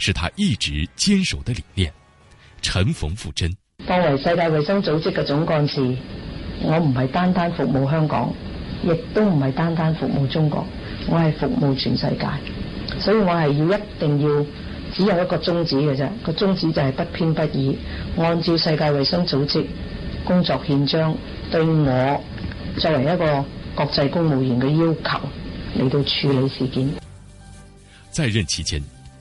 是他一直堅守的理念。陳馮富珍，作為世界衛生組織嘅總幹事，我唔係單單服務香港，亦都唔係單單服務中國，我係服務全世界。所以我係要一定要只有一個宗旨嘅啫，個宗旨就係不偏不倚，按照世界衛生組織工作憲章對我作為一個國際公務員嘅要求嚟到處理事件。在任期間。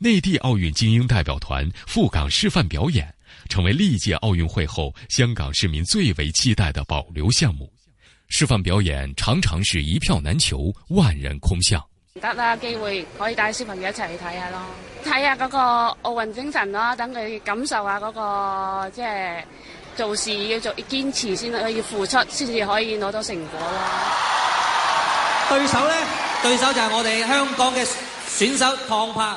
內地奧運精英代表團赴港示範表演，成為歷屆奧運會後香港市民最為期待的保留項目。示範表演常常是一票難求，萬人空巷。得啦，機會可以帶小朋友一齊去睇下咯，睇下嗰個奧運精神咯，等佢感受下嗰個即係做事要做堅持先可以付出，先至可以攞到成果咯。對手咧，對手就係我哋香港嘅選手唐柏。